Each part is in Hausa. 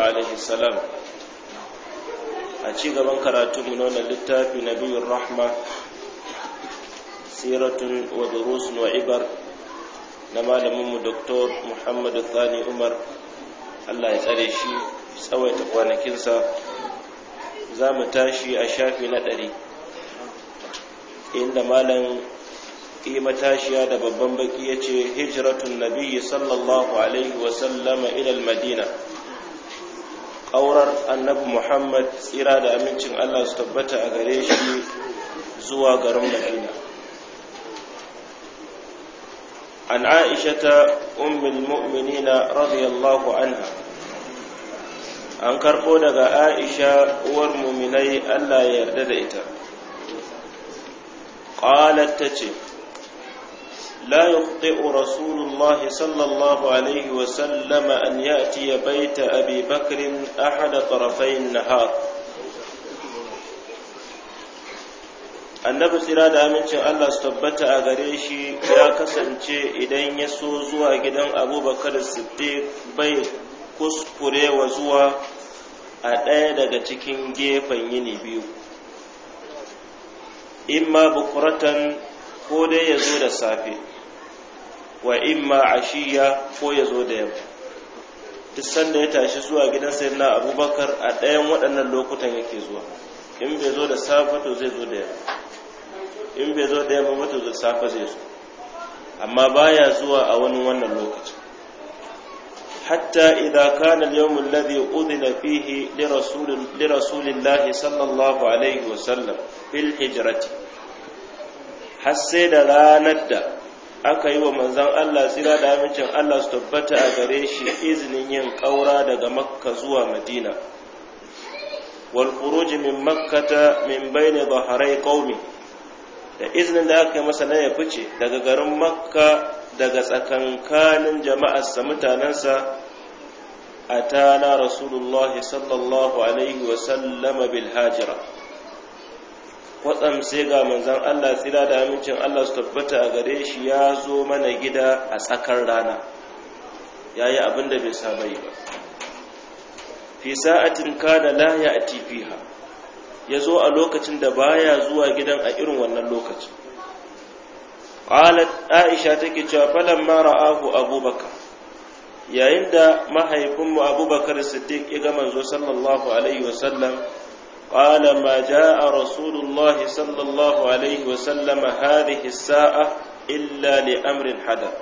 a cigaban gaban karatu mu nuna littafi na biyun rahma siratun wa durusun wa ibar na malaminmu muhammadu thani umar allah ya shi tsawaita kwanakinsa za mu tashi a shafi na ɗari inda malam kima tashiya da babban baki ya ce hijiratun nabiyyi sallallahu alaihi ilal madina aurar annabi muhammad tsira da amincin allah su tabbata a gare shi zuwa garin madina an aishata ummul mu'minina radiyallahu anha an karɓo daga aisha uwar muminai allah ya yarda da ita ƙalar ta ce لا يخطئ رسول الله صلى الله عليه وسلم أن يأتي بيت أبي بكر أحد طرفي النهار annabi tsira da amincin Allah su tabbata a gare shi ya kasance idan ya so zuwa gidan abubakar siddiq bai kuskurewa zuwa a ɗaya daga cikin gefen yini biyu imma bukuratan ko dai ya zo da safe wa imma ashiya ko ya zo da yamma duk sanda ya tashi zuwa gidan sayyidina abubakar a ɗayan waɗannan lokutan yake zuwa in bai zo da safe to zai zo da yamma in bai zo da yamma ba to da safe zai zo amma baya zuwa a wani wannan lokacin hatta idza kana al-yawm alladhi udhina fihi li rasul li rasulillah sallallahu alaihi wa sallam bil hijrati har sai da ranar da aka yi wa manzan Allah sira da amincin Allah su tabbata a gare shi izinin yin ƙaura daga makka zuwa madina wal khuruj min makkata min bayni dhahrai qaumi da iznin da aka yi masa na ya fice daga garin makka daga tsakankanin jama'arsa mutanensa atana rasulullahi sallallahu alaihi wa sallama bil hajira kwatsam sai ga manzan Allah tsira da amincin Allah su tabbata a gare shi ya zo mana gida a tsakar rana ya yi abin da bai saba yi ba fi sa'atin kana la ya ati ha. ya zo a lokacin da baya zuwa gidan a irin wannan lokacin qalat aisha take cewa falon mara ahu abubakar yayin da mahaifinmu abubakar siddiq ya ga manzo sallallahu alaihi wasallam قال ما جاء رسول الله صلى الله عليه وسلم هذه الساعة إلا لأمر حدث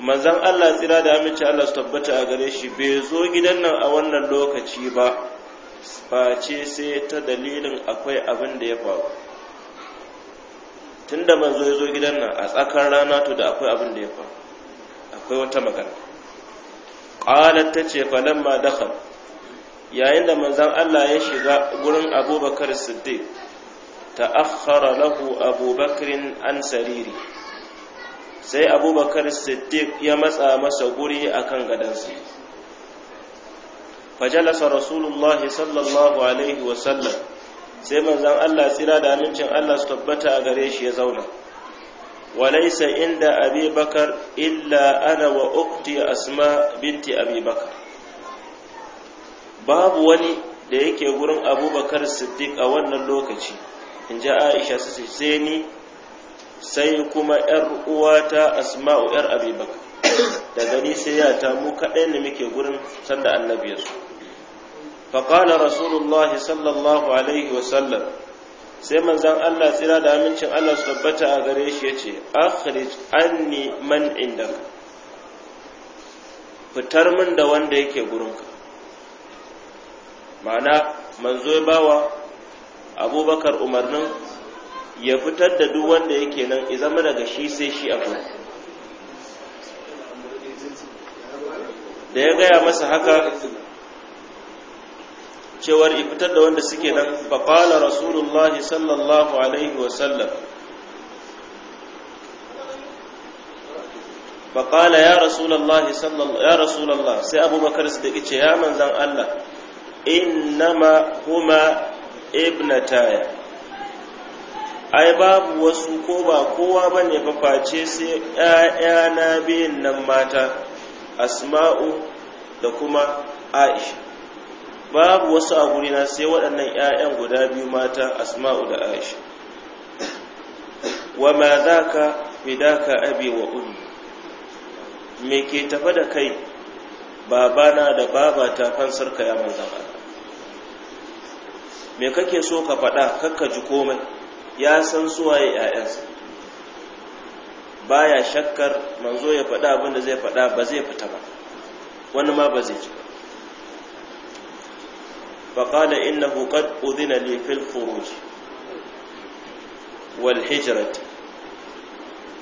manzan Allah tsira da aminci Allah su tabbata a gare shi bai zo gidan nan a wannan lokaci ba face sai ta dalilin akwai abin da ya faru tunda manzo ya zo gidan nan a tsakar rana to da akwai abin da ya faru akwai wata magana qalat tace falamma dakhal yayin da manzan Allah ya shiga gurin abubakar siddiq ta'akhkhara lahu abubakarin an sariri sai abubakar siddiq ya matsa masa guri akan gadansa fajalasa rasulullahi sallallahu alaihi wasallam sai manzan Allah tsira da amincin Allah su tabbata a gare shi ya zauna walaisa inda abubakar illa ana wa ukti asma binti abubakar babu wani da yake gurin abubakar siddiq a wannan lokaci in ji aisha su sai ni sai kuma yar uwata asma'u yar abubakar daga ni sai ya ta mu kaɗai ne muke gurin sanda annabi ya so faƙala rasulullahi sallallahu alaihi wasallam sai manzan allah tsira da amincin allah su tabbata a gare shi ya ce akhrij anni man indaka fitar min da wanda yake gurinka ma'ana manzo ya bawa abubakar umarnin ya fitar da duk wanda yake nan zama daga shi sai shi abu da ya gaya masa haka cewar ya fitar da wanda suke nan faƙala rasulullah sallallahu alaihi wasallam faƙala ya rasulallah sai abubakar su da ce ya manzan allah innama huma taya. ai babu wasu ko ba kowa ba ne face sai ‘ya'yana biyun nan mata asma'u da kuma aisha babu wasu a na sai waɗannan ‘ya'yan guda biyu mata asma'u da aisha wa ma za ka fidaka abi wa umi me ke tafa da kai babana da babata kan ya manzan me kake so ka faɗa kakka ji komai ya san suwaye Ba baya shakkar manzo ya faɗa abin da zai faɗa ba zai fita ba wani ma ba zai ci ba فقال إنه قد أذن fil في wal hijrat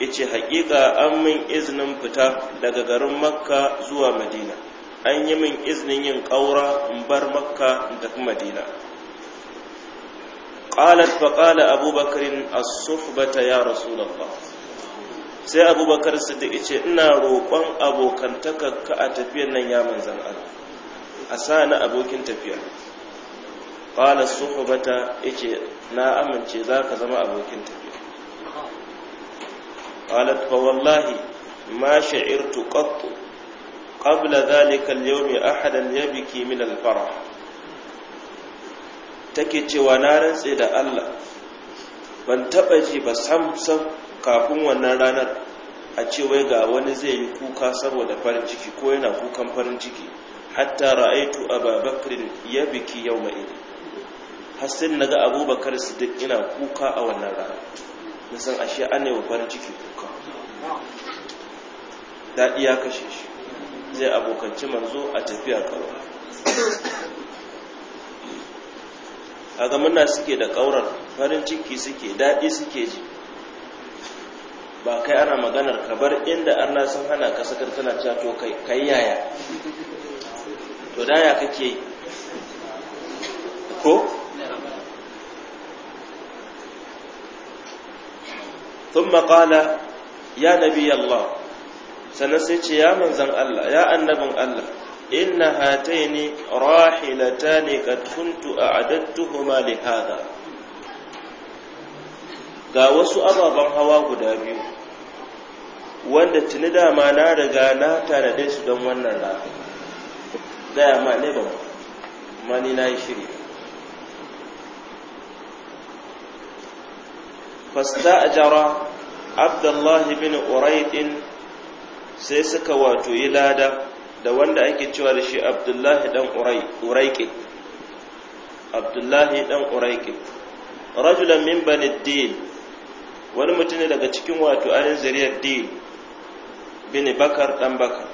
ice haƙiƙa an min iznin fita daga garin makka zuwa madina an yi min iznin yin ƙaura in bar makka da madina qalat fa qala abubakarin as-suhbata ya rasulullah sai abubakar siddiq yace ina roƙon abokantaka ka a tafiyar nan ya manzan Allah a sa ni abokin tafiya qala as-suhbata yace na amince za ka zama abokin tafiya qalat fa wallahi ma sha'irtu qattu qabla dhalika al-yawmi ahadan yabki min al take cewa na rantse da Allah ban taba ji ba sam sam kafin wannan ranar a ce wai ga wani zai yi kuka saboda farin ciki ko yana kukan farin ciki hatta ra'aitu abubakar ya biki yau mai hasin ga abubakar su duk ina kuka a wannan rana nisan ashe an yi wa farin ciki kuka daɗi ya kashe shi zai abokanci manzo a tafiya kawai kaga muna suke da kaurar farin ciki suke daɗi suke ji ba kai ana maganar ka bar inda an sun hana ka sakar tana cewa to kai kai yaya to daya kake ko ثم قال ya نبي الله sannan sai ce ya manzan Allah ya annabin Allah inna hataini rahilatani kad kuntu a'adadtuhuma li hadha ga wasu ababen hawa guda biyu wanda tuni dama na riga na da su don wannan rana gaya ma ne ba ma na yi shiri fasta ajara abdullahi bin uraitin sai suka wato yi lada da wanda ake cewa da shi abdullahi dan uraiki abdullahi dan uraiki rajulan min bani din wani mutum ne daga cikin wato an zuriyar din bin bakar dan bakar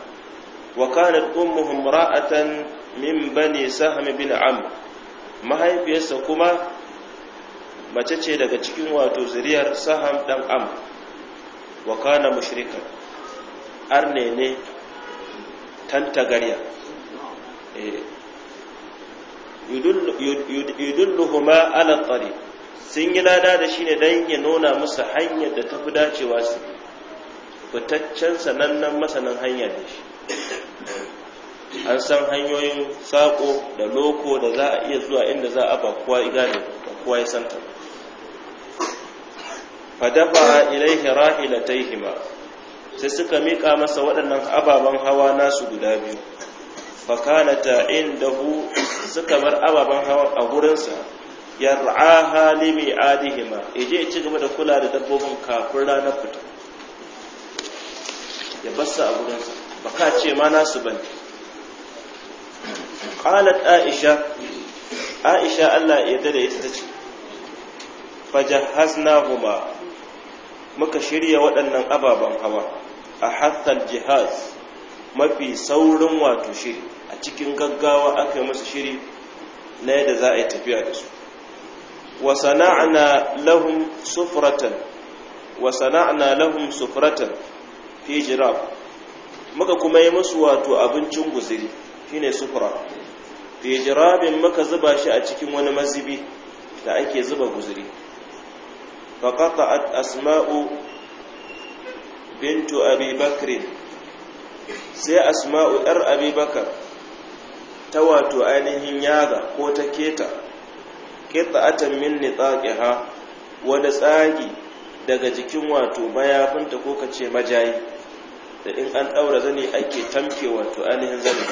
wa kanat ummuhum ra'atan min bani sahm bin am? mahaifiyarsa kuma mace ce daga cikin wato zuriyar saham dan am. wa kana mushrika arne ne tantagarya eh, yudulluhuma ala tsari sun yi lada da shi ne don ya nuna musu hanyar da ta fi dacewa su fitaccen sanannen masanin hanyar. da shi an san hanyoyin saƙo da loko da za a iya zuwa inda za a ba kowa igane ba kowa ya santa fadafa ilaihi hima. sai suka miƙa masa waɗannan ababen hawa nasu guda biyu fakanata indahu suka bar ababen hawa a gurinsa yar'aha li adihima yaje ya ci gaba da kula da dabbobin kafin ranar fita ya bassa a gurinsa ba ka ce ma nasu bane qalat aisha aisha Allah ya yarda da ita tace fajahhaznahuma muka shirya waɗannan ababen hawa a hathal jihaz mafi saurin wato shiri a cikin gaggawa aka musu shiri na yadda za a yi tafiya da su wa sana'na lahum sufratan wa fi jirab muka kuma yi musu wato abincin guziri shine sufra fi jirabin muka zuba shi a cikin wani mazibi da ake zuba guziri Faƙaƙa asma'u bintu abi bakrin sai asma'u yar abi bakar ta wato ainihin yaga ko ta keta atammin nitsaƙi ha wada tsagi daga jikin wato mayafinta ko kace majayi da in an daura zani ake tamke wato ainihin zani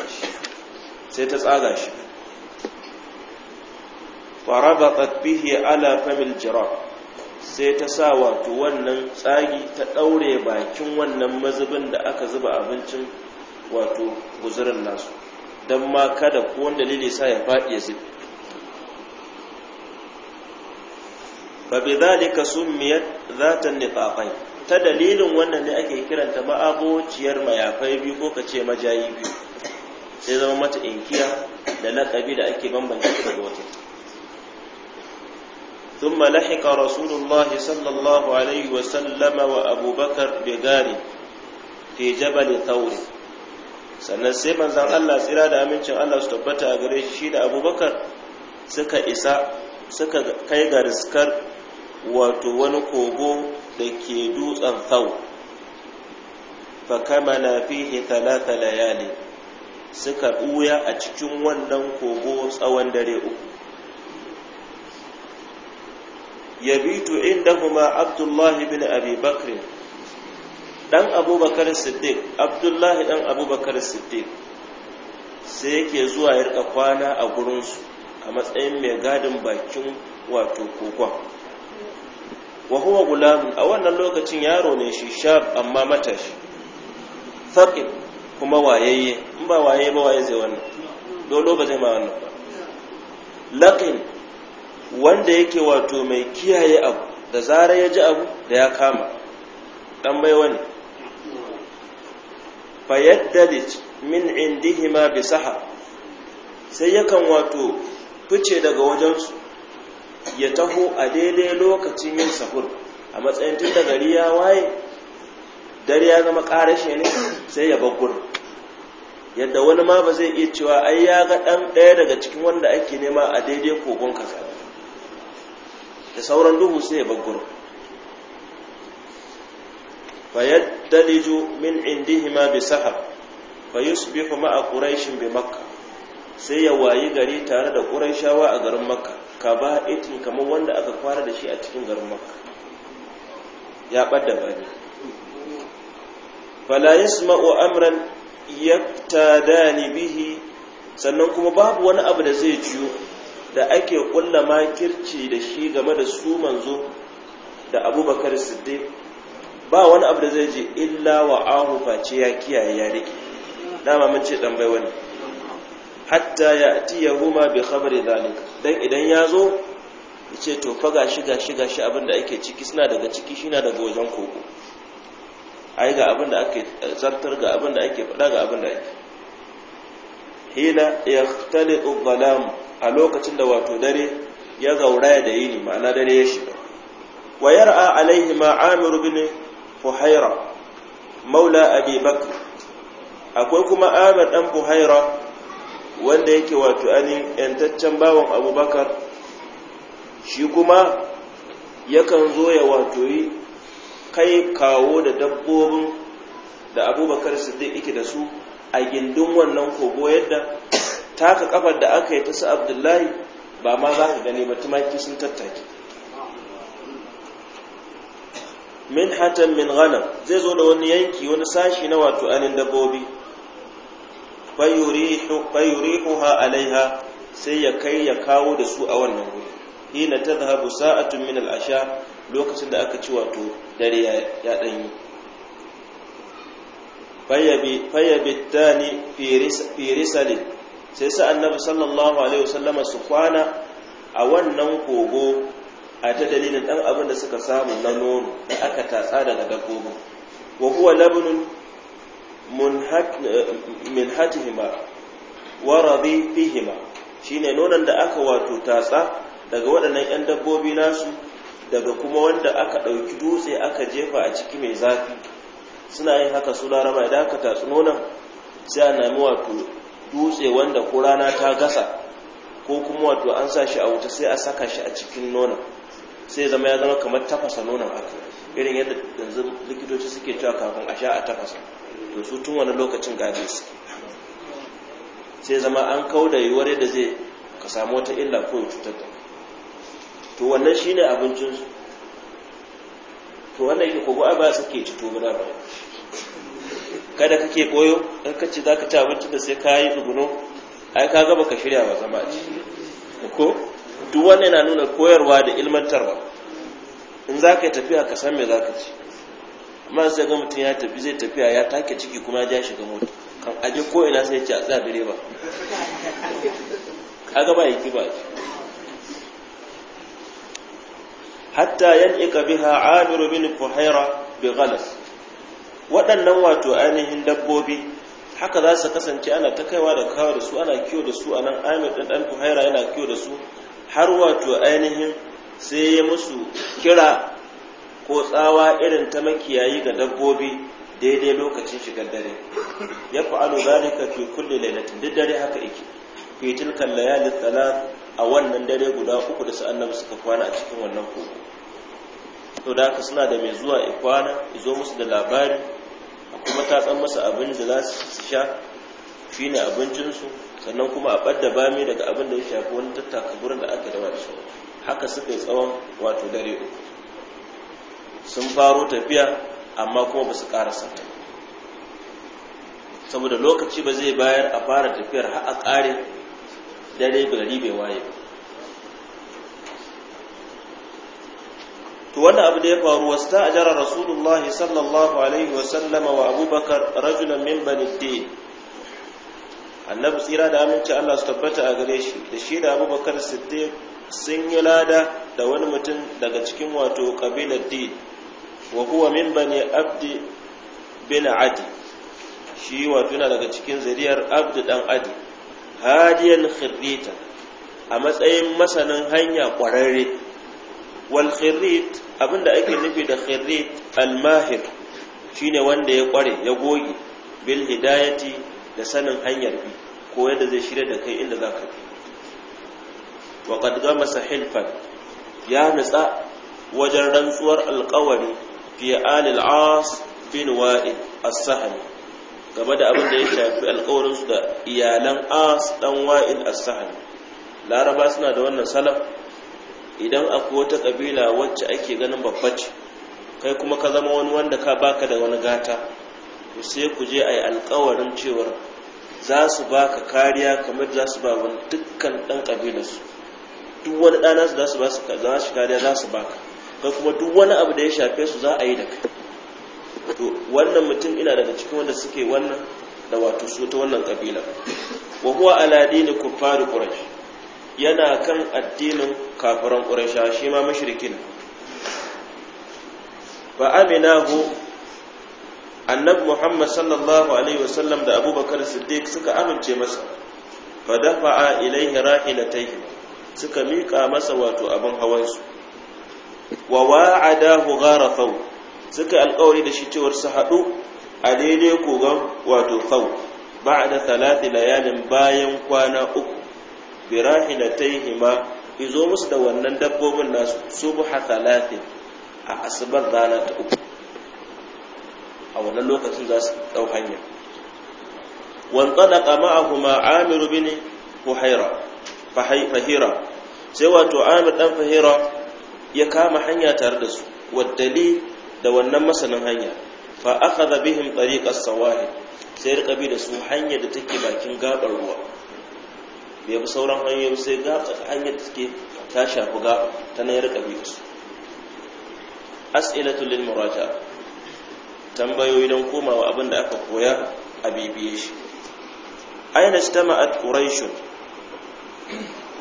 sai ta tsaga shi farabatat bihi ala famil jirab sai ta sa wato wannan tsagi ta ɗaure bakin wannan mazubin da aka zuba abincin wato guzurin nasu don ma kada ko wanda lili sa ya faɗi ya zubi ba bi zalika sun zatan za ta dalilin wannan ne ake kiranta ma'abociyar mayafai biyu ko ka ce majayi biyu sai zama mata inkiya da laƙabi da ake bambanta daga wata ثم لحق رسول الله صلى الله عليه وسلم وأبو بكر بغار في جبل ثور sannan sai manzan Allah tsira da amincin Allah su tabbata a gare shi da abubakar suka isa suka kai gariskar wato wani kogo da ke dutsen thau fa kama na fihe talata layali suka ɓuya a cikin wannan kogo tsawon dare uku yabitu indahuma abdullah ibn abi bakr dan abubakar siddiq abdullah dan abubakar siddiq sai yake zuwa ya rika kwana a gurinsu a matsayin mai gadin bakin wato kogon wa huwa gulamun a wannan lokacin yaro ne shi shab amma matashi thaqib kuma wayayye in ba waye ba waye zai wannan dole ba zai ma wannan ba laqin wanda yake wato mai kiyaye abu da zarar ya ji abu da ya kama dan mai wani fayaddalij min indihima bi saha sai yakan wato fice daga wajensu ya taho a daidai lokacin yin sahur a matsayin tun da gari ya waye dare ya zama karashe ne sai ya gurin yadda wani ma ba zai iya cewa ai ya ga ɗan ɗaya daga cikin wanda ake nema a daidai kogon kasa da sauran duhu sai ya baggur fayaddaliju min indihima bi sahab fayusbihu ma'a quraishin bi makka sai ya wayi gari tare da quraishawa a garin makka ka ba itin kamar wanda aka fara da shi a cikin garin makka ya badda bani fala yasma'u amran yaftadani bihi sannan kuma babu wani abu da zai ciyo da ake kulla makirci da shi game da su manzo da abubakar siddiq ba wani abu da zai je illa wa ahu face ya kiyaye ya rike dama mun ce dan bai wani. hatta ya huma bi khabari zalik dan idan ya zo ya ce to fa gashi gashi gashi abin da ake ciki suna daga ciki shi na daga wajen koko ai ga abin da ake eh, zartar ga abin da ake faɗa ga abin da ake hina yaxtaliqu dhalam a lokacin da wato dare ya zauraya da yini ma'ana dare ya shiga wa yar'a alaihi ma amir bin fuhaira maula abi bakr akwai kuma amir dan fuhaira wanda yake wato ani yantaccen bawan abubakar shi kuma yakan zo ya wato yi kai kawo da dabbobin da abubakar siddiq yake da su a gindin wannan kogo yadda taka kafar da aka yi ta su abdullahi ba ma za ka gani ba tumaki sun tattaki. min hatan min ghanam zai zo da wani yanki wani sashi na wato anin dabbobi fayurihuha alaiha sai ya kai ya kawo da su a wannan wuri hina tadhhabu sa'atun min al'asha, asha lokacin da aka ci wato dare ya danyi fayyabi tani firisalin. sai su annabi sallallahu alaihi wasallama su kwana a wannan kogo a ta dalilin dan abin da suka samu na nono da aka tatsa daga dabbobin wa huwa labnun min hatihima wa shine nonon da aka wato tatsa daga waɗannan 'yan dabbobi nasu daga kuma wanda aka ɗauki dutse aka jefa a ciki mai zafi suna yin haka su laraba idan aka tatsu nonon sai a nemi wato dutse wanda ko rana ta gasa ko kuma wato an sa shi a wuta sai a saka shi a cikin nonon sai zama ya zama kamar tafasa nonon aka irin yadda yanzu likitoci suke cewa kafin a sha a tafasa to su tun wani lokacin gaje su sai zama an kau da yiwuwar yadda zai ka samu wata illa ko cutar da to wannan shine abincin to wannan yake kogo ai ba suke ci to guda ba kada kake koyo in ka ci za ka ci abinci da sai ka yi duguno ai ka gaba ka shirya ba zama ci ko duk wannan yana nuna koyarwa da ilmantarwa in za ka yi tafiya ka san me za ka ci amma sai ga mutum ya tafi zai tafiya ya take ciki kuma ya ja shiga mota kan aje ko ina sai ya ci a tsaya direba kaga ba yaki ba hatta yan ikabiha biha amir bin fuhaira bi ghalas waɗannan wato ainihin dabbobi haka za su kasance ana ta kaiwa da kawo da su ana kiwo da su a nan amir ɗan ɗan tuhaira yana kiwo da su har wato ainihin sai ya musu kira ko tsawa irin ta makiyayi ga dabbobi daidai lokacin shigar dare ya fa'alu zalika fi kulli lailatin duk dare haka yake fi tilkal layali thalath a wannan dare guda uku da su annabi suka kwana a cikin wannan kogo to da haka suna da mai zuwa ikwana zo musu da labari kuma ta san masa abin da za su sha shi ne abincinsu sannan kuma a ɓadda bami daga abin da ya shafi wani tattaka gurin da aka dawa da shi haka suka yi tsawon wato dare uku sun faro tafiya amma kuma ba su ƙara santa saboda lokaci ba zai bayar a fara tafiyar har a ƙare dare gari bai waye ba to wannan abu da ya faru ta ajara rasulullahi sallallahu alaihi wa wa abubakar rajulan min bani te annabi tsira da aminci Allah su tabbata a gare shi da shi da abubakar siddiq sun yi lada da wani mutum daga cikin wato kabilar din wa huwa min bani abdi bin adi shi wato yana daga cikin zariyar abdi dan adi hadiyan khirrita a matsayin masanin hanya kwararre wal khirrit abinda ake nufi da khirrit al mahir shine wanda ya kware ya goge bil hidayati da sanin hanyar bi ko yadda zai shirya da kai inda zaka bi wa qad gamasa ya nutsa wajen rantsuwar alƙawari fi alil as bin wa'id as sahl game da abinda ya shafi alƙawarin su da iyalan as dan wa'id as sahl laraba suna da wannan salaf idan akwai wata kabila wacce ake ganin babba ce kai kuma ka zama wani wanda ka baka da wani gata to sai ku je yi alkawarin cewar za su baka kariya kamar za su ba wani dukkan dan kabilar su duk wani ɗana su za su ba su za su kariya za su baka kai kuma duk wani abu da ya shafe su za a yi da kai to wannan mutum ina daga cikin wanda suke wannan da wato su ta wannan kabila wa huwa ala dini kuffari quraish yana kan addinin kafiran ƙuraisha shi ma mashirikin amina aminahu muhammad sallallahu alaihi wasallam da abubakar siddiq suka amince masa fa dafa'a ilaihi rahilatayhi suka miƙa masa wato abin hawansu wa wa'adahu ghara thaw suka alƙawari da shi cewar su haɗu a daidai kogon wato thaw ba'da thalath layalin bayan kwana uku birahilatayhima izo musu da wannan dabbobin nasu subha thalathin a asibar rana ta uku a wannan lokacin za su dau hanya kama ma'ahuma amiru bin fuhaira fahira sai wato amir dan fahira ya kama hanya tare da su waddali da wannan masanin hanya fa akhadha bihim tariqas sawahil sai rika bi da su hanya da take bakin gabar ruwa bai bi sauran hanyoyi sai ga hanyar da suke ta shafi ga ta na yarka bi su lil muraja tambayoyi don komawa abin da aka koya a bibiye shi aina istama'at quraish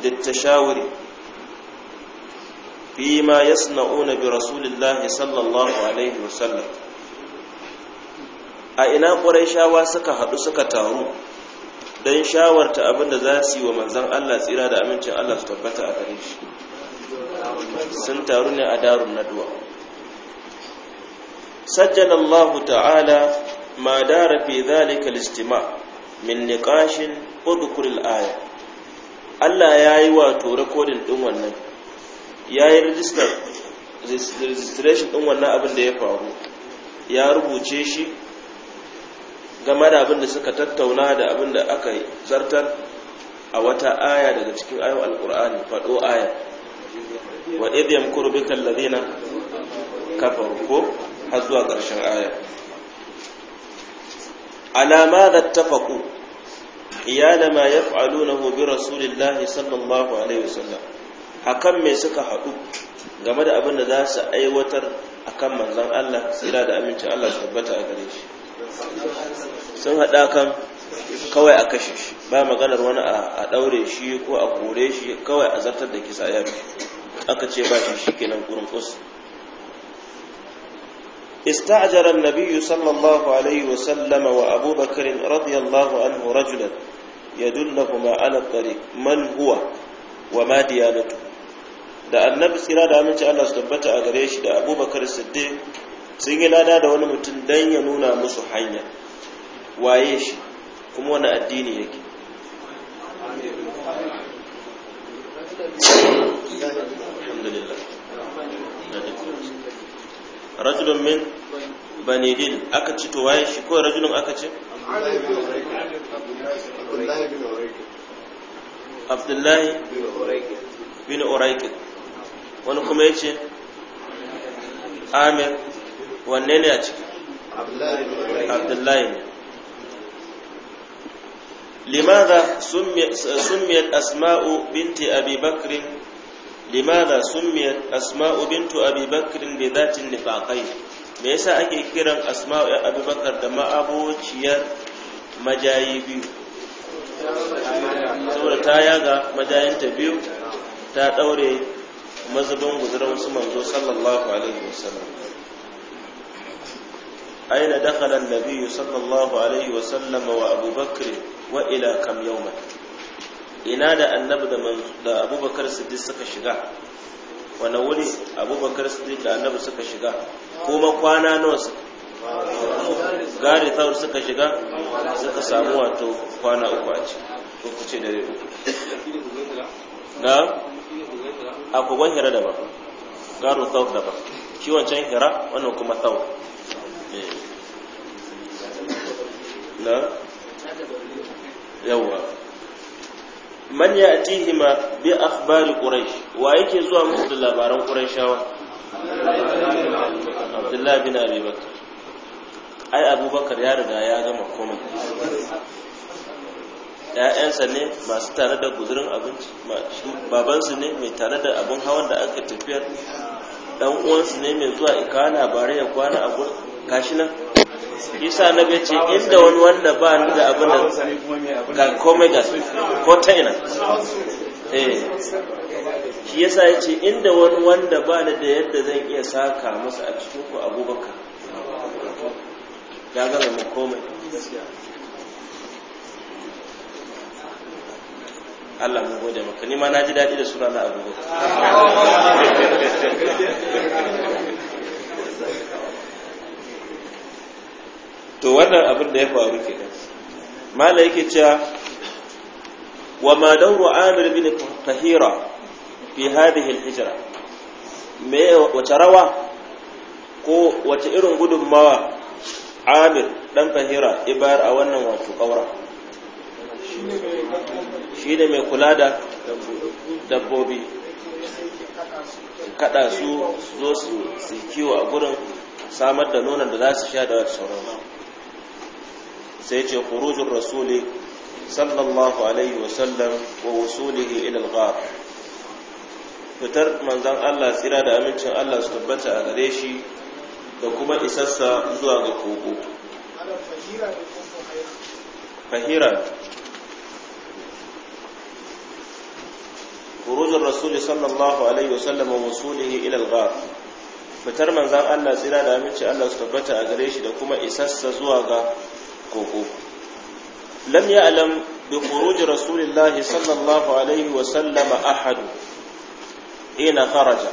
للتشاور فيما يصنعون bi الله sallallahu alaihi wa sallam. a ina quraishawa suka haɗu suka taru don shawarta abinda da za su yi wa manzan Allah tsira da amincin Allah su tabbata a gare shi sun taru ne a darun naduwa sajjala Allah ta'ala ma dara fi zalika al-istima min niqashin udkur al-aya Allah yayi wato recording din wannan yayi register registration din wannan abin da ya faru ya rubuce shi game da abin da suka tattauna da abin da aka zartar a wata aya daga cikin ayon alkur'ani faɗo aya wa idiyam kurbikan lazina kafar ko har zuwa ƙarshen aya alama da tafaku da ma ya fa'alu na hobi rasulillahi sallallahu alaihi wasallam akan mai suka haɗu game da abin da za su aiwatar akan manzan allah tsira da amincin allah tabbata a gare shi sun haɗa kan kawai a kashe shi ba maganar wani a ɗaure shi ko a kore shi kawai a zartar da kisa ya aka ce ba shi shi kenan gurin kus استعجل النبي صلى الله عليه وسلم وأبو بكر رضي الله عنه رجلا يدلهما على الطريق من هو وما ديانته da annabi tsira da aminci Allah su tabbata a gare shi da abubakar siddiq sun yi lada da wani mutum don ya nuna musu hanya waye shi kuma wani addini yake rajulun min banidin aka ci to waye shi ko rajulun aka ce abdullahi bin oraikin wani kuma ya ce amir wanne ne a ciki abdullahi ne لماذا سميت أسماء بنت أبي بكر لماذا asma'u bintu abi أبي بكر بذات النفاقين me yasa ake kiran asma'u ya bakar da ma'abociyar majayi biyu saboda ta yaga majayinta biyu ta daure mazubin guzuran su manzo sallallahu alaihi wasallam aina dakhala an-nabi sallallahu alaihi wa sallam wa Abu Bakr kam yawman ina da annabi da da Abu suka shiga wani wuri Abu Bakar da annabi suka shiga kuma kwana nawa gari taur suka shiga suka samu wato kwana uku a ci uku ce dare uku na a kogon hira daban garu taur daban shi wancan hira wannan kuma taur na yawa man ya'tihima bi akhbari quraish wa yake zuwa musu da labaran qurayshawa abdullahi bin abi bakr ai abubakar ya riga ya gama komai ‘ya'yansa ne masu tare da guzurin abinci babansu ne mai tare da abin hawan da aka tafiyar ɗan uwansu ne mai zuwa ika labarai ya kwana a gurin gashi nan isa na bai ce inda wani wanda ba ni da abin da ga komai ga ko ta ina eh. shi yasa ya ce inda wani wanda ba ni da yadda zan iya saka masa a cikin ku abubakar ya gama mu komai Allah mu gode maka ni ma na ji daɗi da suna na abubakar to wannan abin da ya faru ke nan mala yake cewa wa ma dawru amir bin tahira fi hadhihi alhijra me wace rawa ko wace irin gudunmawa amir dan tahira ibar a wannan wato kaura shine mai kula da dabbobi kada su zo su kiwo a gurin samar da nonon da za su sha da sauransu sai ce khurujur rasuli sallallahu alaihi wasallam wa wusulihi ila al-ghar fitar manzon Allah tsira da amincin Allah su tabbata a gare shi da kuma isassa zuwa ga koko. fahira khurujur rasuli sallallahu alaihi wasallam wa wusulihi ila al-ghar fitar manzan Allah tsira da amincin Allah su tabbata a gare shi da kuma isassa zuwa ga koko. lam alam bi khuruj rasulillah sallallahu alaihi wa sallama ahad ina kharaja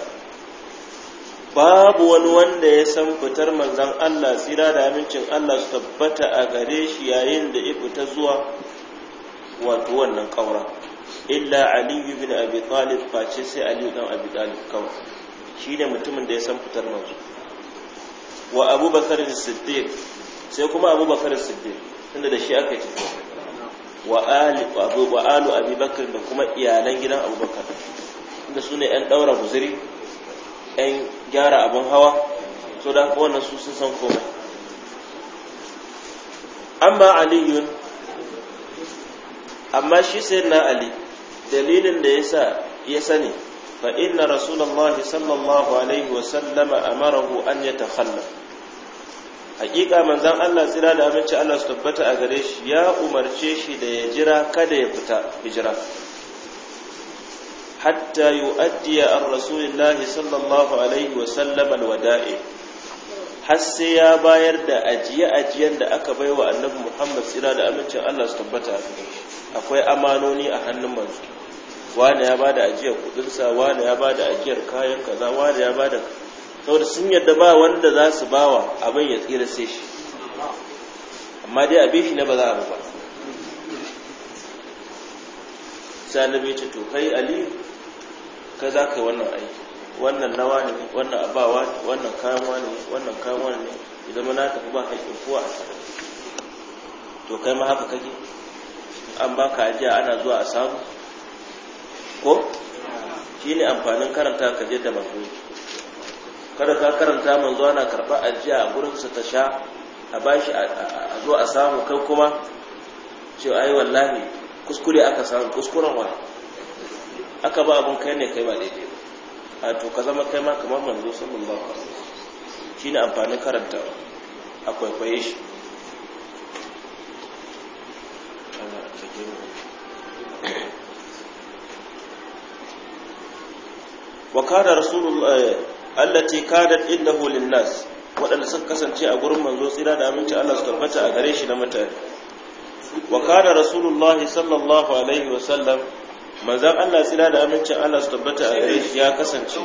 babu wani wanda ya san fitar manzan Allah tsira da amincin Allah su tabbata a gare shi yayin da ya ta zuwa wato wannan kaura illa aliyu bin abi talib face sai aliyu dan abi talib kawai shine mutumin da ya san fitar manzo wa abubakar siddiq sai kuma abubakar siddiq inda da shi aka yi tafiya wa ali abu wa alu da kuma iyalan gidan abubakar inda su ne yan daura guzuri yan gyara abin hawa so da kuma wannan su sun san komai amma aliyun amma shi sai na ali dalilin da sa ya sani fa inna rasulullahi sallallahu alaihi wa sallama amarahu an yatakhallaf hakika manzan Allah tsira da aminci Allah su tabbata a gare shi ya umarce shi da ya jira kada ya fita hijira hatta yu'addiya an rasulillahi sallallahu alaihi wa sallam alwada'i har sai ya bayar da ajiye ajiyen da aka bai wa annabi Muhammad tsira da amincin Allah su tabbata a gare shi akwai amanoni a hannun manzo wani ya bada ajiyar kudinsa wani ya bada ajiyar kayan kaza wani ya bada saboda sun yadda ba wanda za su bawa abin ya tsira sai shi amma dai abin shi ne ba za a ba sai annabi ce to kai ali ka za ka yi wannan aiki wannan nawa ne wannan abawa ne wannan kayan ne wannan kayan ne idan mana tafi ba haƙƙin kowa a to kai ma haka kake an baka ajiya ana zuwa a samu ko Shi ne amfanin karanta ka je da mafi kada ka karanta manzo ana karba ajiya a gurin su ta sha a bashi a zo a samu kai kuma ce ai wallahi kuskure aka samu kuskuren wa aka ba abun kai ne kai ba daidai ba a to ka zama kai ma kamar manzo sallallahu alaihi wasallam shine amfani karanta a kwaikwaye shi wa رسول الله allati kadat indahu linnas waɗanda suka kasance a gurin manzo tsira da aminci Allah su tabbata a gare shi na mutane wa kana rasulullahi sallallahu alaihi wa sallam manzon Allah tsira da aminci Allah su tabbata a gare shi ya kasance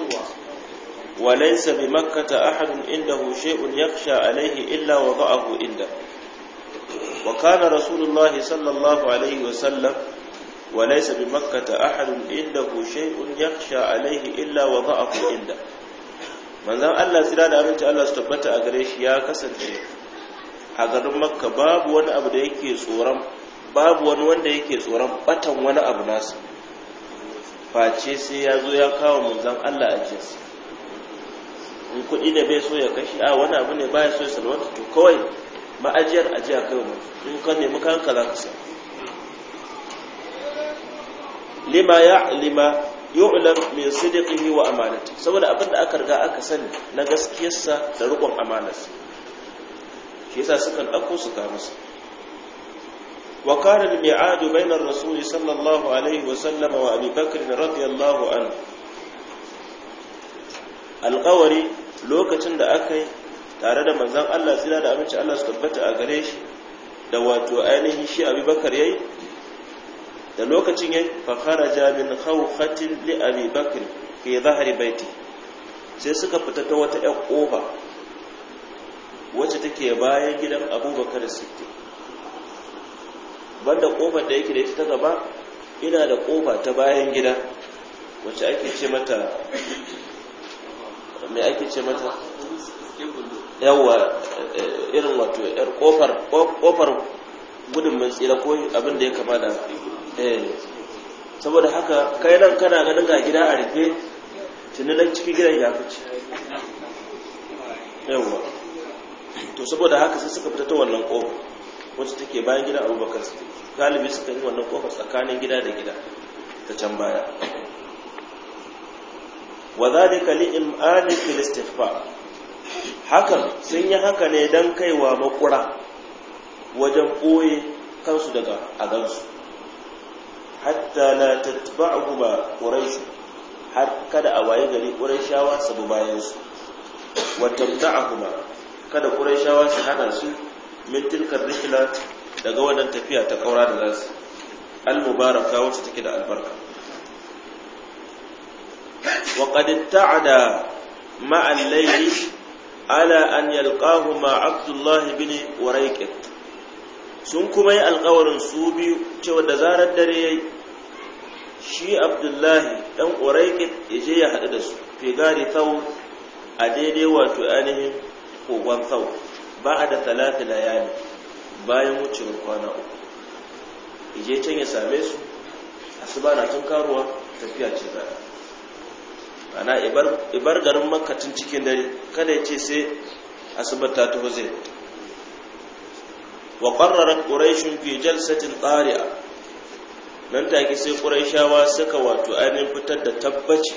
wa laysa bi makkata ahadun indahu shay'un yakhsha alaihi illa wada'ahu inda wa kana rasulullahi sallallahu alaihi wa sallam وليس بمكة أحد عنده شيء يخشى عليه إلا وضعه inda. manzan Allah tsira da aminci Allah su tabbata a gare shi ya kasance a garin makka babu wani abu da yake tsoron babu wani wanda yake tsoron batan wani abu nasu face sai ya zo ya kawo manzan Allah a jinsi in kuɗi da bai so ya kashi a wani abu ne baya so ya salwanta to kawai ma'ajiyar ajiya kai mu in ka nemi kanka za ka lima ya lima yu'lam min sidqihi wa amanati saboda abin da aka riga aka sani na gaskiyarsa da riƙon amanarsa shi yasa sukan dauko su ga masa wa kana al-mi'ad bayna ar-rasul sallallahu alaihi wa sallama wa Abi Bakr radiyallahu anhu alƙawari lokacin da aka yi tare da manzon Allah tsira da aminci Allah su tabbata a gare shi da wato ainihin shi abubakar yayi da lokacin yayi fa kharaja min khawfatin li abi bakr fi dhahri baiti sai suka fita ta wata 'yan ƙofa wacce take bayan gidan abubakar siddiq banda ƙofar da yake da ita ta gaba ina da ƙofa ta bayan gida wacce ake ce mata me ake ce mata yawa eh, irin wato yar ƙofar ƙofar gudun mai tsira ko abin da ya kama da Eh. saboda haka kai nan kana ganin ga gida a rufe tuni nan ciki gidan ya fice yawa to saboda haka sai suka fita ta wannan kofa wacce take bayan gidan abubakar su galibi suka yi wannan kofa tsakanin gida da gida ta can baya wa zalika li im'ani fil istighfar hakan sun yi haka ne dan kaiwa makura wajen ɓoye kansu daga a gansu hatta la tatba'uhuma quraish har kada a waye gari qurayshawa su bi bayan su wa tabta'uhuma kada qurayshawa su hana su min tilka rihla daga wannan tafiya ta kaura da zasu al mubaraka wacce take da albarka wa qad ta'ada ma'a al-layli ala an yalqahu ma abdullah ibn waraiq sun kuma yi alƙawarin su biyu cewa da zarar dare yayi shi abdullahi ɗan ƙoraikit ya je ya haɗu da su fi gari thau a daidai wato ainihin kogon tsawo, ba a da talata layali bayan wucin kwana uku ya can ya same su a su bana tun karuwa tafiya ce za ana ibar garin makacin cikin dare kada ya ce sai asubar ta taho zai wa ƙwararren ƙuraishin fi jalsatin tsari'a nan take sai ƙuraishawa suka wato ainihin fitar da tabbaci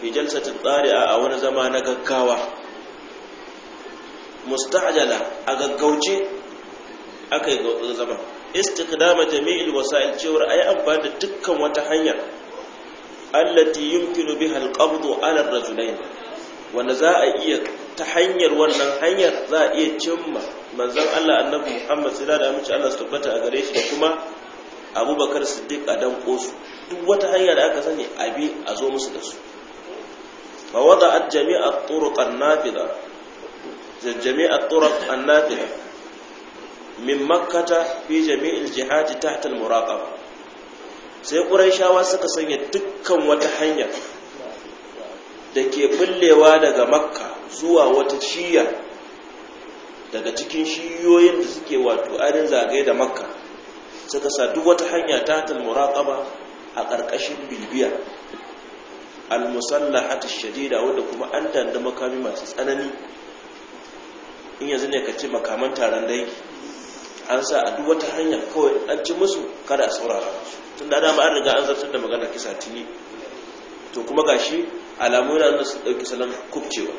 fi jalsatin tsari'a a wani zama na gaggawa musta'jala a gaggauce aka yi zama istiqdama jami'il wasa'il cewar ai amfani da dukkan wata hanya allati yumkinu biha alqabdu ala ar-rajulayn wanda za a iya ta hanyar wannan hanyar za a iya cimma manzon Allah annabi Muhammad sallallahu alaihi wasallam Allah su tabbata a gare shi kuma abubakar siddiq a dankosu su duk wata hanya da aka sani abi a zo musu da su fa wada at jami'a turuq an-nafida jami'a turuq an-nafida min makkata fi jami'il jihad tahta al-muraqaba sai quraishawa suka sanya dukkan wata hanya da ke bullewa daga makka zuwa wata shiya daga cikin shiyoyin da suke wato arin zagaye da makka suka sa duk wata hanya ta muraqaba a ƙarƙashin bibiya al-musallahat ash-shadida wanda kuma an danda makami masu tsanani in yanzu ne ka makaman taron dangi an sa a duk wata hanya kawai an ci musu kada a saurara tun da dama an riga an zartar da magana kisa tuni to kuma gashi alamu yana nuna su ɗauki salon kubcewa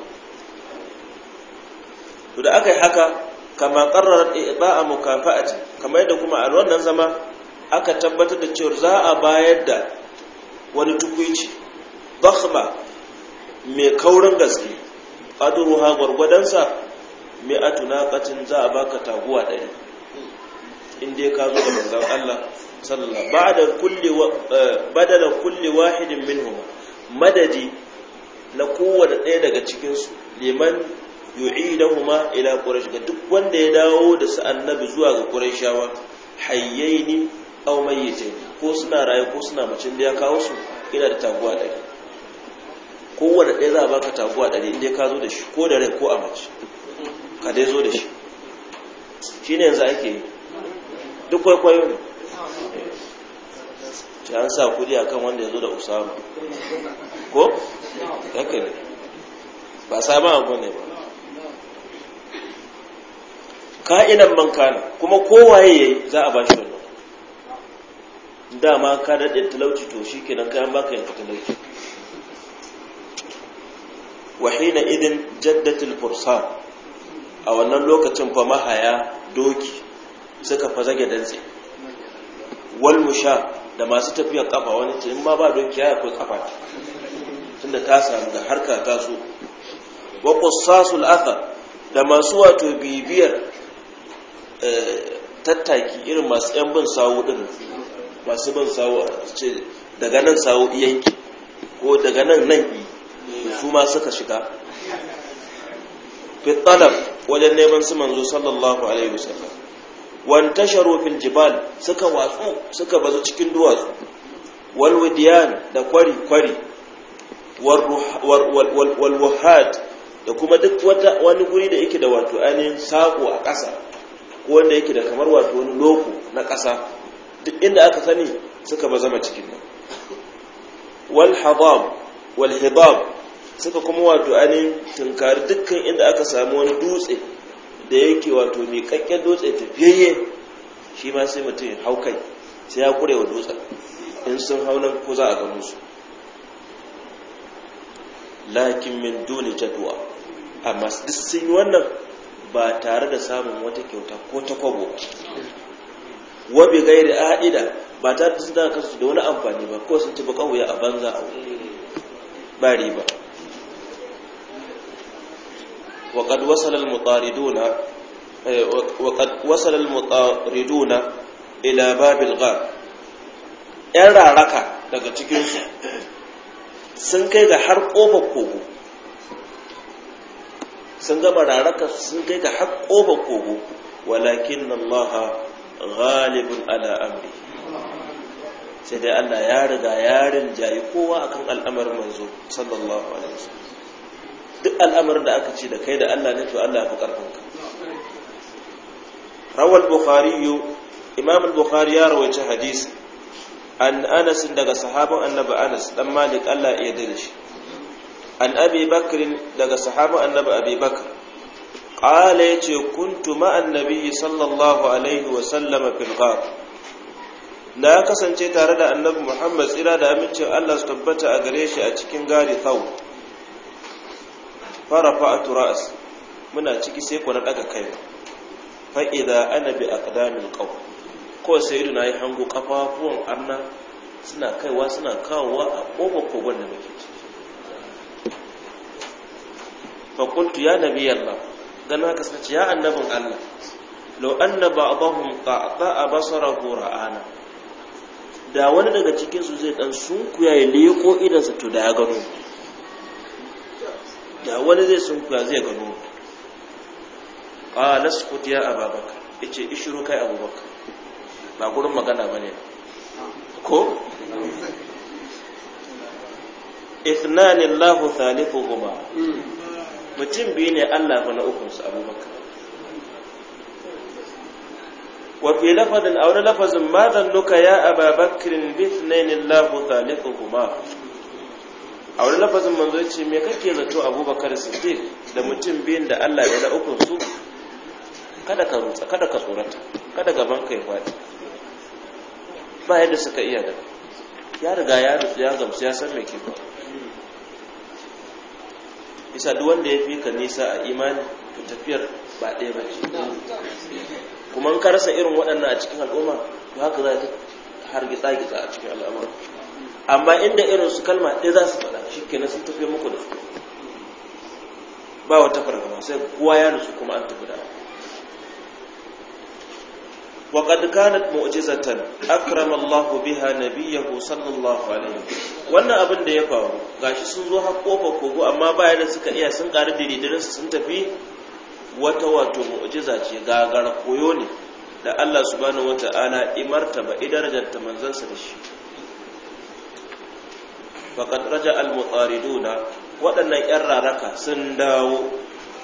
to da aka yi haka kama a i'ba'a mukafa'ati kamar yadda kuma a wannan zama aka tabbatar da cewar za a bayar da wani tukuici bakhma mai kaurin gaske qadruha gurgudansa mai a tunakacin za a baka taguwa ɗaya inda ya kazo da manzan Allah sallallahu ba da eh, badala kulle wahidin minhum madadi na kowane ɗaya daga cikinsu liman yu'idahuma ila quraish ga duk wanda ya dawo da su annabi zuwa ga quraishawa hayyaini aw mayyitain ko suna raye ko suna macin da ya kawo su ina da taguwa ɗari wanda ɗaya za a baka taguwa ɗari inda ka zo da shi ko da rai ko a mace ka dai zo da shi shine yanzu ake yi duk kwaikwayo ne ta an sa kudi a kan wanda ya zo da usama ko? haka ne ba sabon abu ne ba ka'inan man kana kuma kowaye yayi za a bashi wannan dama ka daɗe talauci to shi kenan kayan baka yanka talauci wahina idin jaddatul fursa a wannan lokacin fa mahaya doki suka fa zage dantse wal musha da masu tafiyar kafa wani ce in ma ba doki ya akwai kafa tunda ta samu da harka ta so wa qassasul athar da masu wato bibiyar Eh, tattaki irin masu yan bin sawu din masu bin sawu ce daga nan sawu yanki ko daga nan nan yi su ma suka shiga fi talab wajen neman su manzo sallallahu alaihi wasallam wan tasharu fil jibal suka watsu suka bazu cikin duwatsu wal wadiyan da kwari kwari wal wahad da kuma duk wata wani guri da yake da wato ainihin sako a ƙasa wanda yake da kamar wato wani loko na ƙasa duk inda aka sani suka ba zama cikin nan wal hadab suka kuma wato anin tunkari dukkan inda aka samu wani dutse da yake wato mai kakken dutse tafiyayye shi ma sai mutum ya hau kai sai ya kure wa dutsen in sun hau nan ko za a ga musu lakin min duni jadwa amma duk sun yi wannan ba tare da samun wata kyauta ko ta kwabo wa bi gairi a'ida ba tare da sun da kasu da wani amfani ba ko sun ci ba kawai a banza a bari ba qad wasala al eh, ila babil ga yan raraka daga cikinsu, sun kai ga har kofar kogo sun gama raraka sun kai ga har ƙofa kogo walakin Allah ghalibun ala amri sai dai Allah ya riga yarin jayi kowa a kan al'amarin manzo sallallahu alaihi wasallam duk al'amarin da aka ce da kai da Allah ne to Allah ya fi karfin ka rawal bukhari imam al-bukhari ya rawaita hadisi an anas daga sahaban annaba anas dan malik Allah iya yarda shi an abi bakirin daga sahabu annabi abi bakr qala yace kuntu ma annabi sallallahu alaihi wa sallama fil ghar na kasance tare da annabi muhammad tsira da amincin Allah su tabbata a gare shi a cikin gari thawb farafa ra'si muna ciki sai ku na daga kai fa idza ana bi aqdamil ƙau. ko sai na yi hango kafafuwan arna suna kaiwa suna kawowa a kofar kogon da muke fa qultu ya nabiyallah dan haka suka ce ya annabin Allah law anna ba'dahum qa'ta basarahu ra'ana da wani daga cikin su zai dan kuya ya leko idansa to da ya gano da wani zai kuya zai gano qala sukut ya ababakar yace ishuru kai abubakar ba gurin magana bane ko ithnani Allahu thalithuhuma hmm. mutum biyu ne Allah ba na ukunsu abubakar wa fi lafazin a wani lafazin ma nuka ya ababakirin bithnainin lahu thalithuhuma a wani lafazin manzo ce me kake zato abubakar siddiq da mutum biyun da Allah ya na ukunsu kada ka rutsa kada ka tsorata kada gaban ka ya ba yadda suka iya da ya riga ya rutsu ya gamsu ya san me ke isa duk wanda ya fi ka nisa a imani to tafiyar ba ɗaya ba ce kuma ka rasa irin waɗannan a cikin al'umma to haka za ta har gitsa gitsa a cikin al'amuran amma inda irin su kalma ɗaya za su faɗa shi kenan sun tafi muku da su ba wata fargaba sai kowa ya nusu kuma an tafi da وقد كانت معجزة أكرم الله بها نبيه صلى الله عليه wannan abin da ya faru gashi sun zo har kofa kogo amma bayan da suka iya sun ƙari diridirin sun tafi wata wato mu'jiza ce gagara koyo ne da Allah subhanahu wata'ala imarta ba idarajar ta manzansa da shi faqad raja al mutariduna waɗannan yan raraka sun dawo